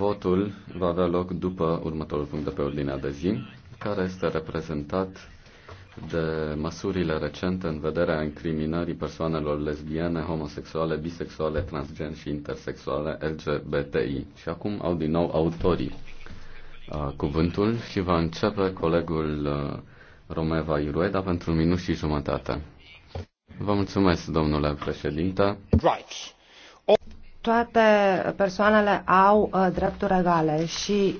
Votul va avea loc după următorul punct de pe ordinea de zi, care este reprezentat de măsurile recente în vederea incriminării persoanelor lesbiene, homosexuale, bisexuale, transgen și intersexuale LGBTI. Și acum au din nou autorii uh, cuvântul și va începe colegul uh, Romeva Irueda pentru un minut și jumătate. Vă mulțumesc, domnule președinte. Right toate persoanele au uh, drepturi egale și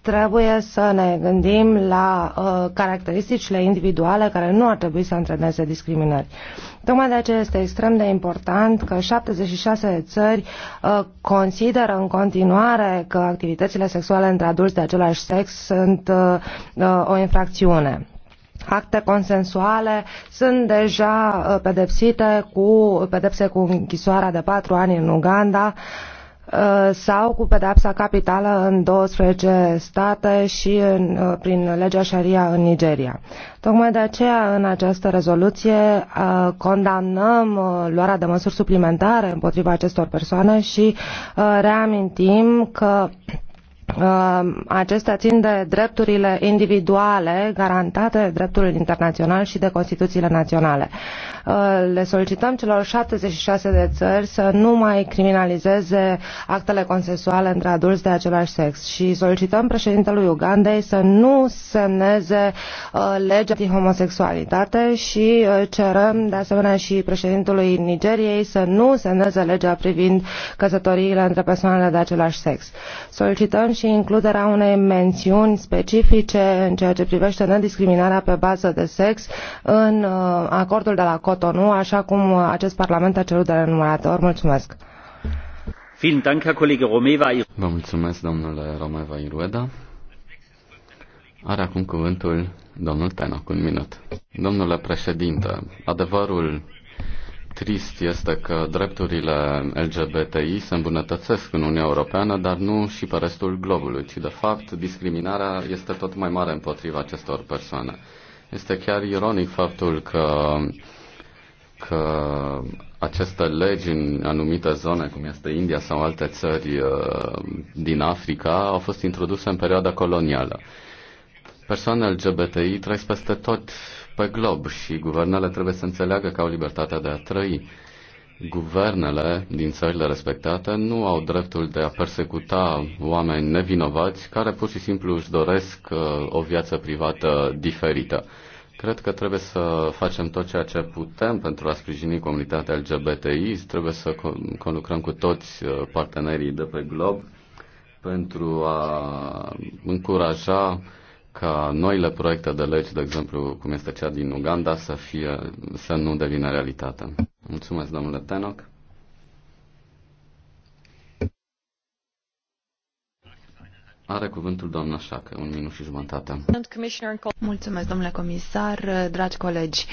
trebuie să ne gândim la uh, caracteristicile individuale care nu ar trebui să întredeze discriminări. Tocmai de aceea este extrem de important că 76 de țări uh, consideră în continuare că activitățile sexuale între adulți de același sex sunt uh, uh, o infracțiune acte consensuale sunt deja uh, pedepsite cu pedepse cu închisoarea de patru ani în Uganda uh, sau cu pedepsa capitală în 12 state și în, uh, prin legea Sharia în Nigeria. Tocmai de aceea, în această rezoluție, condamnăm luarea de măsuri suplimentare împotriva acestor persoane și reamintim că Um, acestea țin de drepturile individuale garantate de dreptul internațional și de Constituțiile naționale. Uh, le solicităm celor 76 de țări să nu mai criminalizeze actele consensuale între adulți de același sex și solicităm președintelui Ugandei să nu semneze uh, legea din homosexualitate și uh, cerem de asemenea și președintelui Nigeriei să nu semneze legea privind căsătoriile între persoanele de același sex. Solicităm și și includerea unei mențiuni specifice în ceea ce privește nediscriminarea pe bază de sex în uh, acordul de la Cotonou, așa cum uh, acest Parlament a cerut de renumărate ori. Mulțumesc! Vă mulțumesc, domnule Romeva Irueda. Are acum cuvântul domnul Tenoc, un minut. Domnule președinte, adevărul Trist este că drepturile LGBTI se îmbunătățesc în Uniunea Europeană, dar nu și pe restul globului, ci de fapt discriminarea este tot mai mare împotriva acestor persoane. Este chiar ironic faptul că, că aceste legi în anumite zone, cum este India sau alte țări uh, din Africa, au fost introduse în perioada colonială. Persoanele LGBTI trăiesc peste tot pe glob și guvernele trebuie să înțeleagă că au libertatea de a trăi. Guvernele din țările respectate nu au dreptul de a persecuta oameni nevinovați care pur și simplu își doresc uh, o viață privată diferită. Cred că trebuie să facem tot ceea ce putem pentru a sprijini comunitatea LGBTI, trebuie să conlucrăm cu toți uh, partenerii de pe glob pentru a încuraja ca noile proiecte de legi, de exemplu, cum este cea din Uganda, să, fie, să nu devină realitate. Mulțumesc, domnule Tenoc. Are cuvântul doamna Șacă, un minut și jumătate. Mulțumesc, domnule comisar, dragi colegi.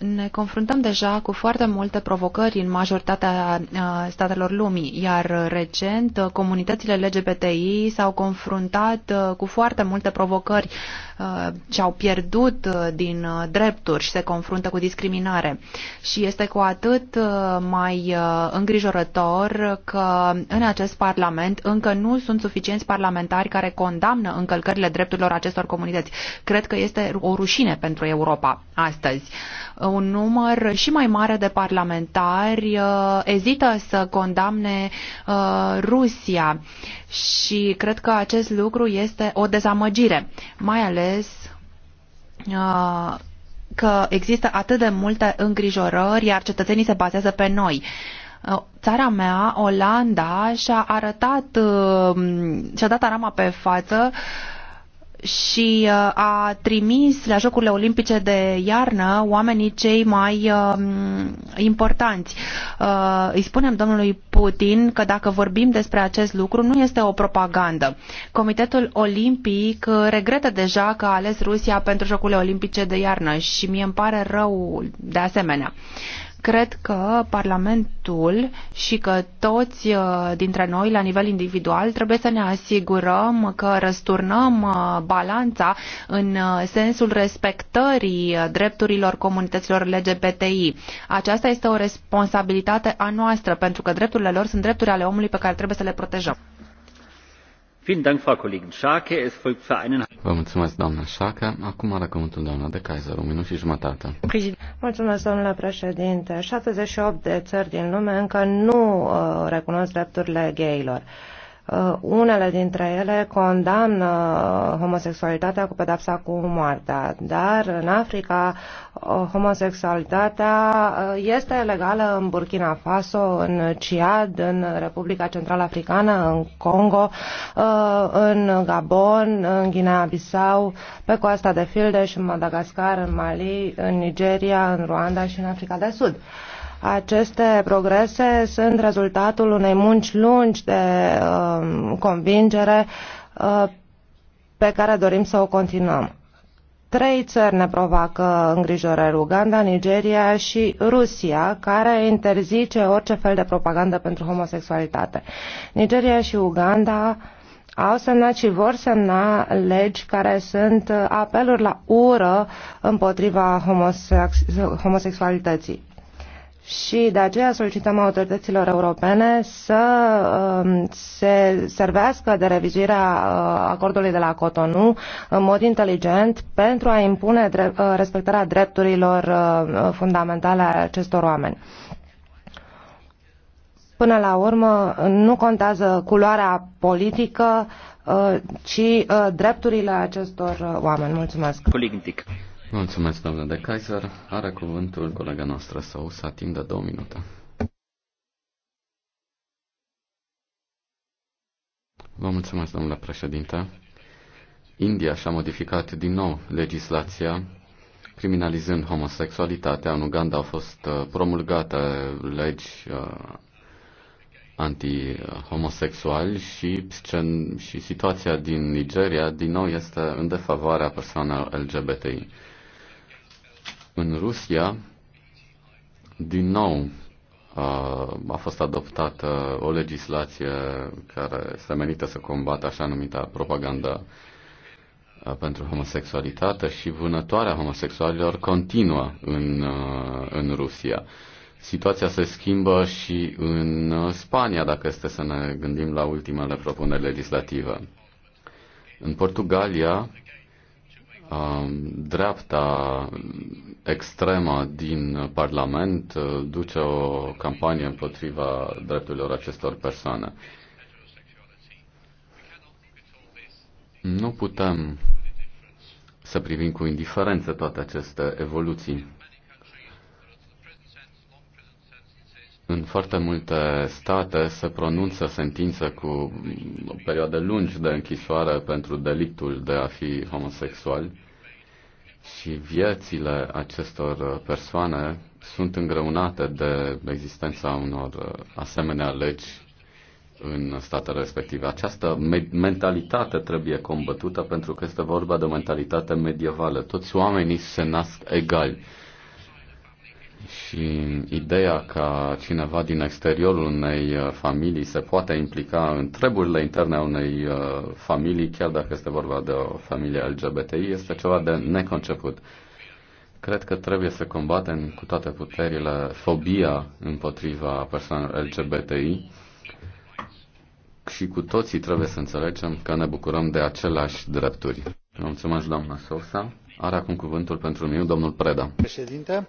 Ne confruntăm deja cu foarte multe provocări în majoritatea uh, statelor lumii, iar recent uh, comunitățile LGBTI s-au confruntat uh, cu foarte multe provocări ce au pierdut din drepturi și se confruntă cu discriminare. Și este cu atât mai îngrijorător că în acest Parlament încă nu sunt suficienți parlamentari care condamnă încălcările drepturilor acestor comunități. Cred că este o rușine pentru Europa astăzi un număr și mai mare de parlamentari uh, ezită să condamne uh, Rusia și cred că acest lucru este o dezamăgire, mai ales uh, că există atât de multe îngrijorări, iar cetățenii se bazează pe noi țara mea, Olanda, și-a arătat, și-a dat arama pe față și uh, a trimis la Jocurile Olimpice de iarnă oamenii cei mai um, importanți. Uh, îi spunem domnului Putin că dacă vorbim despre acest lucru, nu este o propagandă. Comitetul Olimpic regretă deja că a ales Rusia pentru Jocurile Olimpice de iarnă și mie îmi pare rău de asemenea. Cred că Parlamentul și că toți uh, dintre noi, la nivel individual, trebuie să ne asigurăm că răsturnăm uh, balanța în uh, sensul respectării drepturilor comunităților LGBTI. Aceasta este o responsabilitate a noastră, pentru că drepturile lor sunt drepturi ale omului pe care trebuie să le protejăm. Vă mulțumesc, doamna Șacă. Acum are cuvântul doamna de Kaiser, un minut și jumătate. Mulțumesc, domnule președinte. 78 de țări din lume încă nu uh, recunosc drepturile gayilor. Uh, unele dintre ele condamnă homosexualitatea cu pedapsa cu moartea, dar în Africa uh, homosexualitatea uh, este legală în Burkina Faso, în Ciad, în Republica Central Africană, în Congo, în Gabon, în Guinea-Bissau, pe coasta de filde și în Madagascar, în Mali, în Nigeria, în Rwanda și în Africa de Sud. Uh, aceste progrese sunt rezultatul unei munci lungi de um, convingere uh, pe care dorim să o continuăm. Trei țări ne provoacă îngrijorări, Uganda, Nigeria și Rusia, care interzice orice fel de propagandă pentru homosexualitate. Nigeria și Uganda au semnat și vor semna legi care sunt apeluri la ură împotriva homosex- homosexualității. Și de aceea solicităm autorităților europene să um, se servească de revizuirea uh, acordului de la Cotonou în mod inteligent pentru a impune uh, respectarea drepturilor uh, fundamentale a acestor oameni. Până la urmă, nu contează culoarea politică, ci drepturile acestor oameni. Mulțumesc! Politic. Mulțumesc, domnule de Kaiser. Are cuvântul colega noastră Sousa, timp de două minute. Vă mulțumesc, domnule președinte. India și-a modificat din nou legislația criminalizând homosexualitatea. În Uganda au fost uh, promulgate legi uh, anti-homosexuali și, și situația din Nigeria din nou este în defavoarea persoanelor LGBTI. În Rusia, din nou, a fost adoptată o legislație care se menită să combată așa numita propaganda pentru homosexualitate și vânătoarea homosexualilor continuă în, în Rusia. Situația se schimbă și în Spania, dacă este să ne gândim la ultimele propuneri legislative. În Portugalia, Um, dreapta extremă din Parlament uh, duce o campanie împotriva drepturilor acestor persoane. Nu putem să privim cu indiferență toate aceste evoluții. În foarte multe state se pronunță sentințe cu perioade lungi de închisoare pentru delictul de a fi homosexual și viețile acestor persoane sunt îngreunate de existența unor asemenea legi în statele respective. Această me- mentalitate trebuie combătută pentru că este vorba de o mentalitate medievală. Toți oamenii se nasc egali și ideea ca cineva din exteriorul unei uh, familii se poate implica în treburile interne a unei uh, familii, chiar dacă este vorba de o familie LGBTI, este ceva de neconceput. Cred că trebuie să combatem cu toate puterile fobia împotriva persoanelor LGBTI și cu toții trebuie să înțelegem că ne bucurăm de aceleași drepturi. Mulțumesc, doamna Sosa. Are acum cuvântul pentru mine, domnul Preda. Președinte,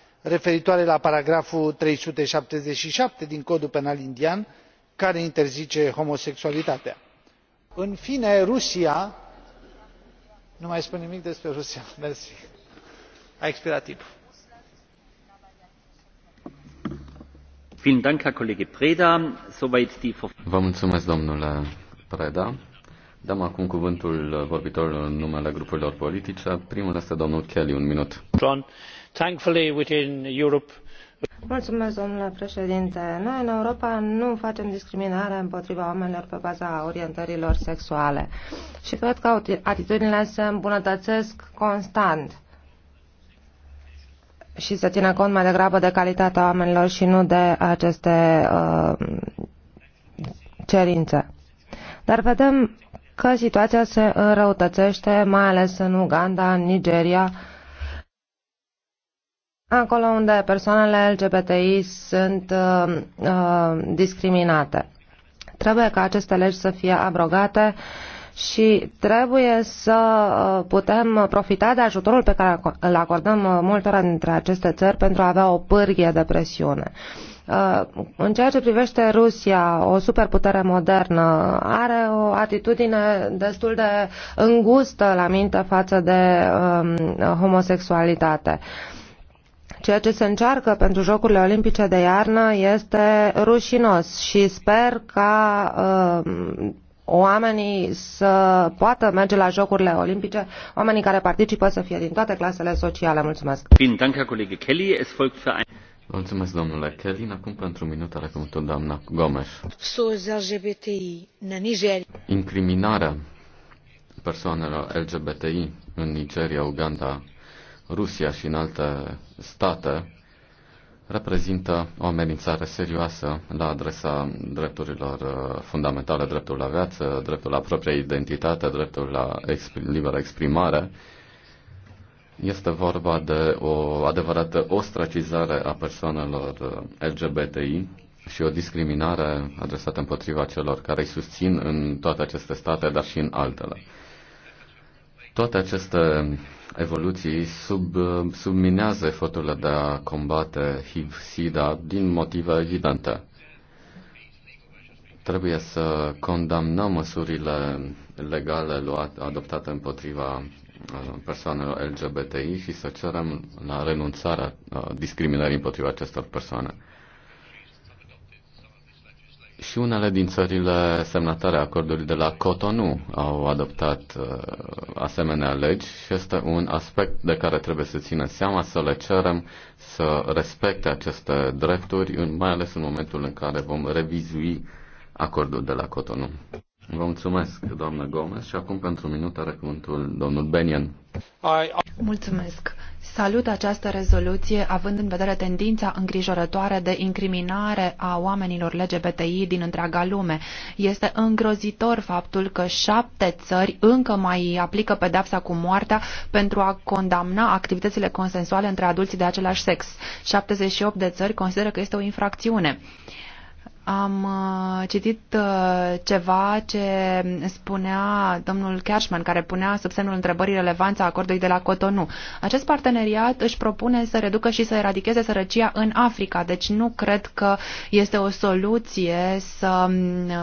referitoare la paragraful trei sute șaptezeci și șapte din codul penal indian care interzice homosexualitatea. în fine rusia nu mai spun nimic despre rusia mersi a expirat timpul. mulțumesc, domnule Preda. Dăm acum cuvântul vorbitorilor în numele grupurilor politice. Primul este domnul Kelly, un minut. John, thankfully within Europe Mulțumesc, domnule președinte. Noi, în Europa, nu facem discriminare împotriva oamenilor pe baza orientărilor sexuale. Și cred că atitudinile se îmbunătățesc constant și să țină cont mai degrabă de calitatea oamenilor și nu de aceste uh, cerințe. Dar vedem că situația se înrăutățește, mai ales în Uganda, în Nigeria, acolo unde persoanele LGBTI sunt uh, uh, discriminate. Trebuie ca aceste legi să fie abrogate și trebuie să uh, putem profita de ajutorul pe care îl acordăm uh, multora dintre aceste țări pentru a avea o pârghie de presiune. Uh, în ceea ce privește Rusia, o superputere modernă, are o atitudine destul de îngustă la minte față de um, homosexualitate. Ceea ce se încearcă pentru Jocurile Olimpice de iarnă este rușinos și sper ca um, oamenii să poată merge la Jocurile Olimpice, oamenii care participă să fie din toate clasele sociale. Mulțumesc! Mulțumesc, domnule Kelly. Acum pentru minut are cuvântul doamna Gomes. LGBTI în Nigeria. Incriminarea persoanelor LGBTI în Nigeria, Uganda, Rusia și în alte state reprezintă o amenințare serioasă la adresa drepturilor uh, fundamentale, dreptul la viață, dreptul la propria identitate, dreptul la exp- liberă exprimare, este vorba de o adevărată ostracizare a persoanelor eh, LGBTI și o discriminare adresată împotriva celor care îi susțin în toate aceste state, dar și în altele. Toate aceste evoluții sub, eh, subminează eforturile de a combate HIV-SIDA din motive evidente. Trebuie să condamnăm măsurile legale adoptate împotriva Uh, persoanelor LGBTI și să cerem la renunțarea uh, discriminării împotriva acestor persoane. Și unele din țările semnatare a acordului de la Cotonou au adoptat uh, asemenea legi și este un aspect de care trebuie să țină seama, să le cerem să respecte aceste drepturi, mai ales în momentul în care vom revizui acordul de la Cotonou. Vă mulțumesc, doamnă Gomez. Și acum, pentru un minut, are cuvântul domnul Benian. Mulțumesc. Salut această rezoluție, având în vedere tendința îngrijorătoare de incriminare a oamenilor LGBTI din întreaga lume. Este îngrozitor faptul că șapte țări încă mai aplică pedapsa cu moartea pentru a condamna activitățile consensuale între adulți de același sex. 78 de țări consideră că este o infracțiune. Am uh, citit uh, ceva ce spunea domnul Kershman care punea sub semnul întrebării relevanța acordului de la Cotonou. Acest parteneriat își propune să reducă și să eradicheze sărăcia în Africa, deci nu cred că este o soluție să um,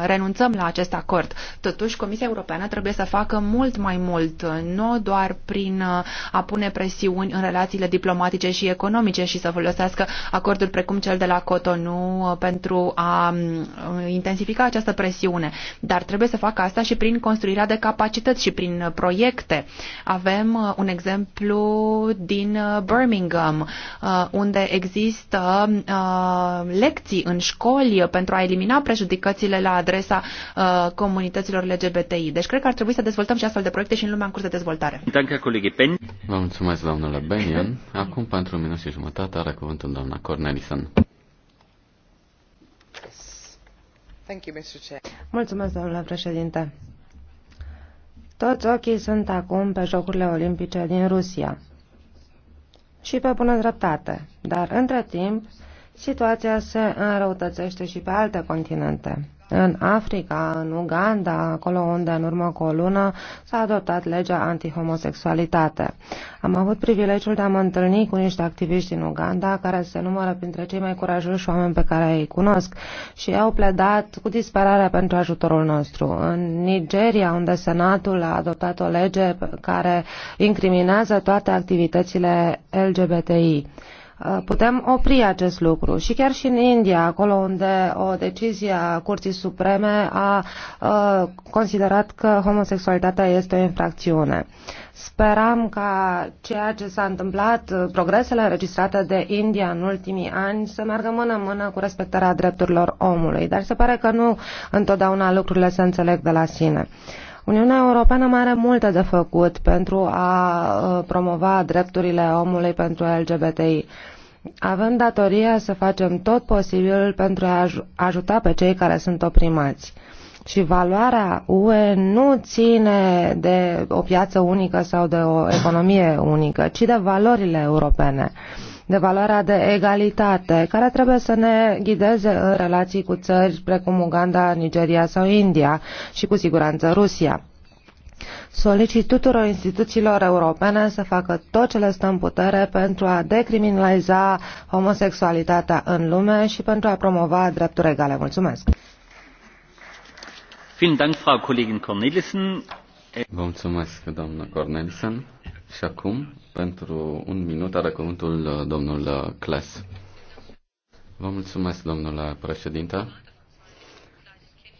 renunțăm la acest acord. Totuși, Comisia Europeană trebuie să facă mult mai mult, nu doar prin uh, a pune presiuni în relațiile diplomatice și economice și să folosească acorduri precum cel de la Cotonou pentru a Um, intensifica această presiune, dar trebuie să facă asta și prin construirea de capacități și prin uh, proiecte. Avem uh, un exemplu din uh, Birmingham, unde există lecții în școli pentru a elimina prejudicățile la adresa comunităților LGBTI. Deci cred că ar trebui să dezvoltăm și astfel de proiecte și în lumea în curs de dezvoltare. Vă mulțumesc, doamnele Benian. Acum, pentru un minut și jumătate, are cuvântul doamna Cornelison. Mulțumesc, domnule președinte. Toți ochii sunt acum pe Jocurile Olimpice din Rusia. Și pe bună dreptate. Dar, între timp, situația se înrăutățește și pe alte continente. În Africa, în Uganda, acolo unde în urmă cu o lună s-a adoptat legea antihomosexualitate. Am avut privilegiul de a mă întâlni cu niște activiști din Uganda care se numără printre cei mai curajoși oameni pe care îi cunosc și au pledat cu disperare pentru ajutorul nostru. În Nigeria, unde Senatul a adoptat o lege care incriminează toate activitățile LGBTI. Uh, putem opri acest lucru și chiar și în India, acolo unde o decizie a Curții Supreme a uh, considerat că homosexualitatea este o infracțiune. Speram ca ceea ce s-a întâmplat, uh, progresele înregistrate de India în ultimii ani, să meargă mână-mână cu respectarea drepturilor omului, dar se pare că nu întotdeauna lucrurile se înțeleg de la sine. Uh, Uniunea Europeană mai are multe de făcut pentru a uh, promova drepturile omului pentru LGBTI. Avem datoria să facem tot posibilul pentru a ajuta pe cei care sunt oprimați. Și valoarea UE nu ține de o piață unică sau de o economie unică, ci de valorile europene. Uh, de valoarea de egalitate, care trebuie să ne ghideze în relații cu țări precum Uganda, Nigeria sau India și cu siguranță Rusia. Solicit tuturor instituțiilor europene să facă tot ce le stă în putere pentru a decriminaliza homosexualitatea în lume și pentru a promova drepturi egale. Mulțumesc! mulțumesc, doamnă Cornelissen. Și acum pentru un minut are cuvântul uh, domnul uh, Clas. Vă mulțumesc, domnule președinte.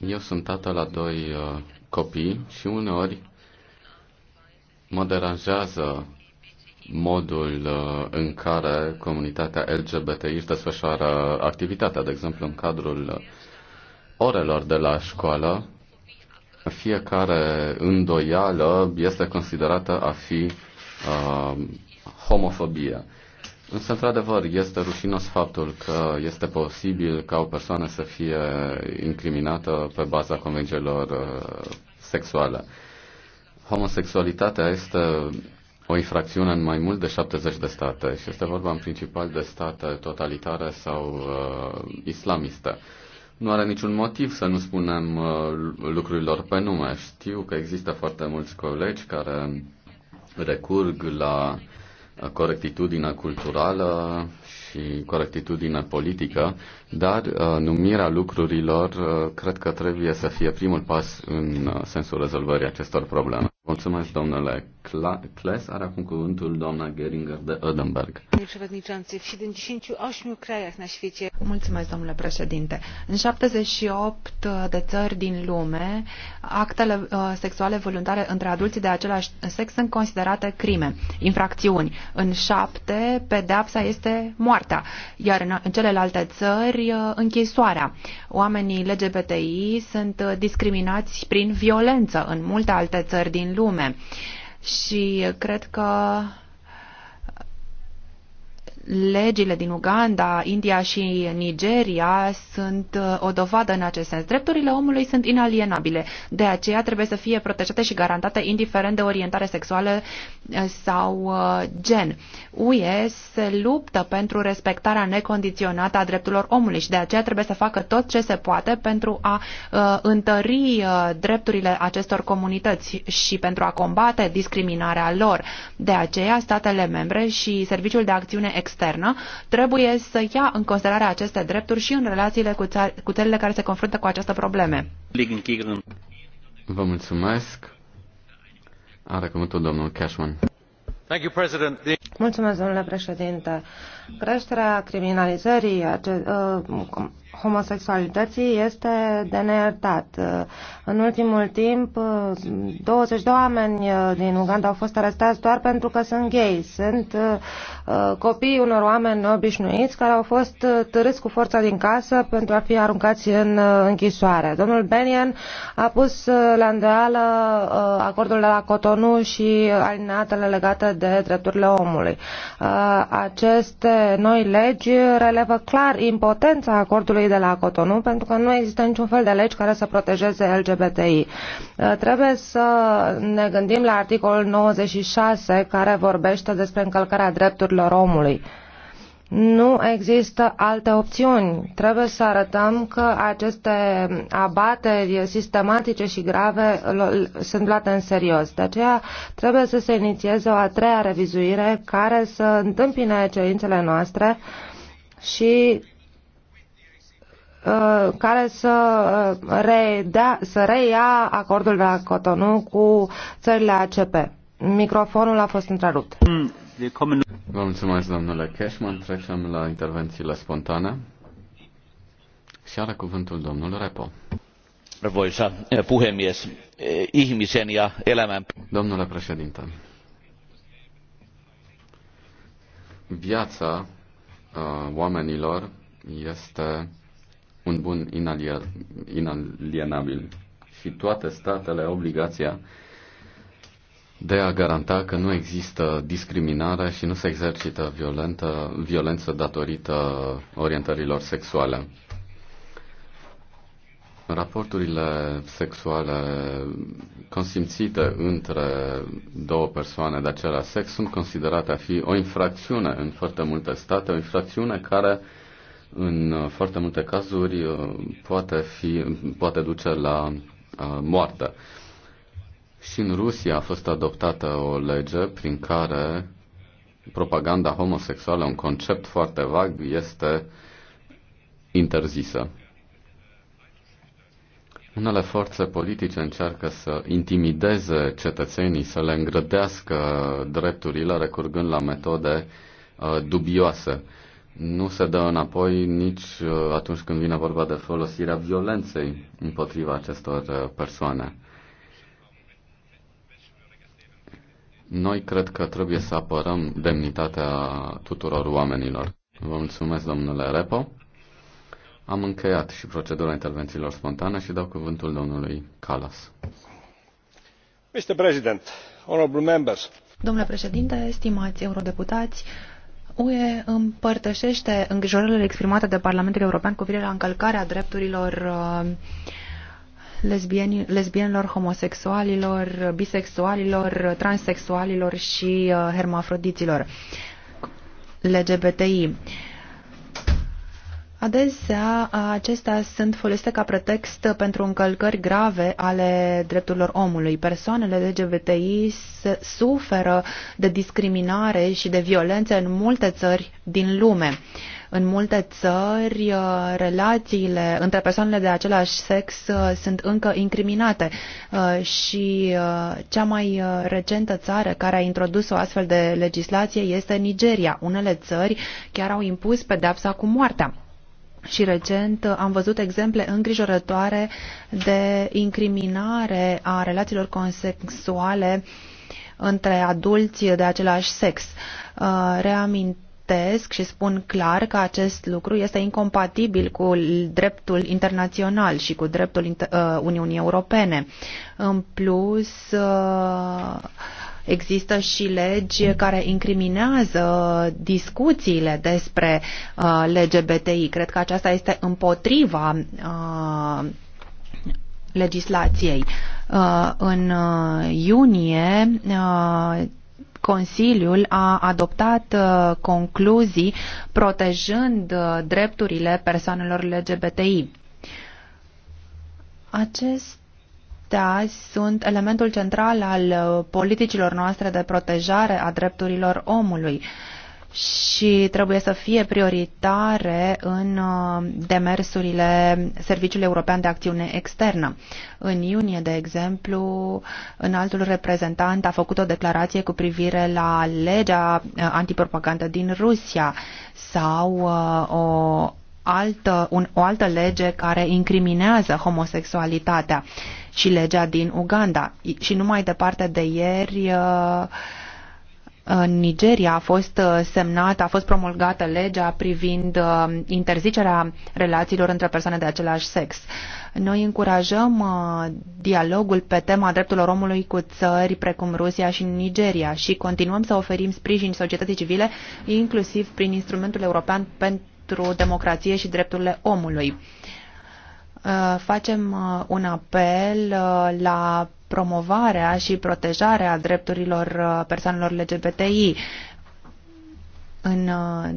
Eu sunt tată la doi uh, copii și uneori mă deranjează modul în care comunitatea LGBT își desfășoară activitatea, de exemplu, în cadrul orelor de la școală, fiecare îndoială este considerată a fi uh, homofobie. Însă, într-adevăr, este rușinos faptul că este posibil ca o persoană să fie incriminată pe baza convențiilor uh, sexuale. Homosexualitatea este o infracțiune în mai mult de 70 de state și este vorba în principal de state totalitare sau uh, islamiste. Nu are niciun motiv să nu spunem uh, lucrurilor pe nume. Știu că există foarte mulți colegi care recurg la corectitudine culturală și corectitudine politică, dar uh, numirea lucrurilor uh, cred că trebuie să fie primul pas în uh, sensul rezolvării acestor probleme. Mulțumesc, domnule Kles are acum cuvântul doamna Geringer de Ödenberg. Mulțumesc, domnule președinte. În 78 de țări din lume, actele uh, sexuale voluntare între adulții de același sex sunt considerate crime, infracțiuni. În șapte, pedeapsa este moartea, iar în celelalte țări, uh, închisoarea. Oamenii LGBTI sunt uh, discriminați prin violență în multe alte țări din lume și cred că legile din Uganda, India și Nigeria sunt uh, o dovadă în acest sens. Drepturile omului sunt inalienabile, de aceea trebuie să fie protejate și garantate indiferent de orientare sexuală uh, sau uh, gen. UE se luptă pentru respectarea necondiționată a drepturilor omului și de aceea trebuie să facă tot ce se poate pentru a întări drepturile acestor comunități și pentru a combate discriminarea lor. De aceea, statele membre și Serviciul de Acțiune Externă externă trebuie să ia în considerare aceste drepturi și în relațiile cu, țar- cu țările care se confruntă cu aceste probleme. Vă mulțumesc. Are cuvântul domnul Cashman. Mulțumesc, domnule președinte. Creșterea criminalizării uh, homosexualității este de neiertat. În ultimul timp, 20 de oameni din Uganda au fost arestați doar pentru că sunt gay. Sunt uh, copiii unor oameni obișnuiți care au fost târâți cu forța din casă pentru a fi aruncați în uh, închisoare. Domnul Benian a pus uh, la îndoială acordul de la Cotonou și alineatele legate de drepturile omului. Aceste noi legi relevă clar impotența acordului de la Cotonou, pentru că nu există niciun fel de legi care să protejeze LGBTI. Uh, trebuie să ne gândim la articolul 96 care vorbește despre încălcarea drepturilor omului. Nu există alte opțiuni. Trebuie să arătăm că aceste abateri sistematice și grave sunt luate în serios. De aceea trebuie să se inițieze o a treia revizuire care să întâmpine cerințele noastre și Uh, care să, uh, redea, să reia acordul de la Cotonou cu țările ACP. Microfonul a fost întrerupt. Vă mulțumesc, domnule Cashman. Trecem la intervențiile spontane. Și are cuvântul domnul Repo. Arvoisa eh, puhemies, eh, ihmisen ja elämän... Domnule președinte, viața uh, oamenilor este un bun inalienabil. Și toate statele au obligația de a garanta că nu există discriminare și nu se exercită violentă, violență datorită orientărilor sexuale. Raporturile sexuale consimțite între două persoane de același sex sunt considerate a fi o infracțiune în foarte multe state, o infracțiune care uh, în uh, foarte multe cazuri uh, poate, fi, poate duce la uh, moarte. Și în Rusia a fost adoptată o lege prin care propaganda homosexuală, un concept foarte vag, este interzisă. Unele forțe politice încearcă să intimideze cetățenii, să le îngrădească drepturile, recurgând la metode uh, dubioase nu se dă înapoi nici uh, atunci când vine vorba de folosirea violenței împotriva acestor uh, persoane. Noi cred că trebuie să apărăm demnitatea tuturor oamenilor. Vă mulțumesc, domnule Repo. Am încheiat și procedura intervențiilor spontane și dau cuvântul domnului Calas. Mr. President, honorable members. Domnule președinte, stimați eurodeputați, UE împărtășește îngrijorările exprimate de Parlamentul European cu privire la încălcarea drepturilor uh, lesbienilor, homosexualilor, bisexualilor, transexualilor și uh, hermafrodiților LGBTI. Adesea, acestea sunt folosite ca pretext pentru încălcări grave ale drepturilor omului. Persoanele LGBTI suferă de discriminare și de violențe în multe țări din lume. În multe țări, uh, relațiile între persoanele de același sex uh, sunt încă incriminate uh, și cea mai recentă țară care a introdus o astfel de legislație este Nigeria. Unele țări chiar au impus pedepsa cu moartea și recent am văzut exemple îngrijorătoare de incriminare a relațiilor consexuale între adulți de același sex. Uh, reamintesc și spun clar că acest lucru este incompatibil cu dreptul internațional și cu dreptul uh, Uniunii Europene. În plus, uh, Există și legi care incriminează discuțiile despre uh, LGBTI. Cred că aceasta este împotriva uh, legislației. Uh, în uh, iunie uh, Consiliul a adoptat uh, concluzii protejând uh, drepturile persoanelor LGBTI. Acest azi sunt elementul central al uh, politicilor noastre de protejare a drepturilor omului și trebuie să fie prioritare în uh, demersurile Serviciului European de Acțiune Externă. În iunie, de exemplu, în altul reprezentant a făcut o declarație cu privire la legea uh, antipropagandă din Rusia sau o altă, un, o altă lege care incriminează homosexualitatea și legea din Uganda. Și numai departe de ieri uh, în Nigeria a fost uh, semnată, a fost promulgată legea privind uh, interzicerea relațiilor între persoane de același sex. Noi încurajăm dialogul pe tema drepturilor omului cu țări precum Rusia și Nigeria și continuăm să oferim sprijin societății civile, inclusiv prin instrumentul european pentru pentru democrație și drepturile omului. Uh, facem uh, un apel uh, la promovarea și protejarea drepturilor persoanelor LGBTI. În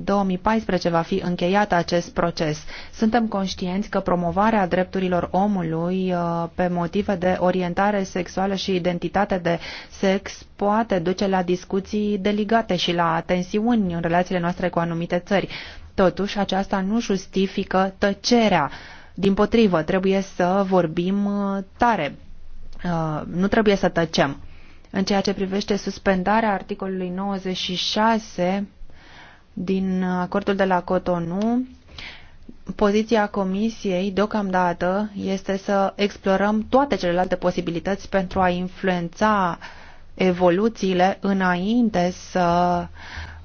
2014 va fi încheiat acest proces. Suntem conștienți că promovarea drepturilor omului pe motive de orientare sexuală și identitate de sex poate duce la discuții delicate și la tensiuni în relațiile noastre cu anumite țări. Totuși, aceasta nu justifică tăcerea. Din potrivă, trebuie să vorbim uh, tare. Uh, nu trebuie să tăcem. În ceea ce privește suspendarea articolului 96 din acordul de la Cotonou, poziția Comisiei deocamdată este să explorăm toate celelalte posibilități pentru a influența evoluțiile înainte să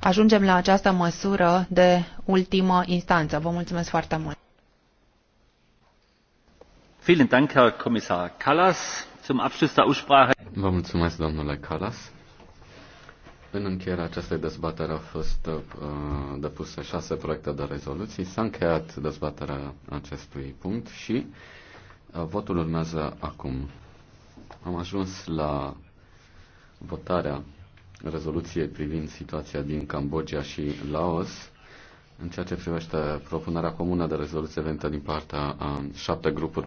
ajungem la această măsură de ultimă instanță. Vă mulțumesc foarte mult. Vielen Dank, Herr Kommissar Kallas. Zum Abschluss der Aussprache. Vă mulțumesc, domnule Kallas. În încheierea acestei dezbatere au fost uh, depuse șase proiecte de rezoluții. S-a încheiat dezbaterea acestui punct și uh, votul urmează acum. Am ajuns la votarea rezoluție privind situația din Cambodgia și Laos, în ceea ce privește propunerea comună de rezoluție venită din partea a șapte grupuri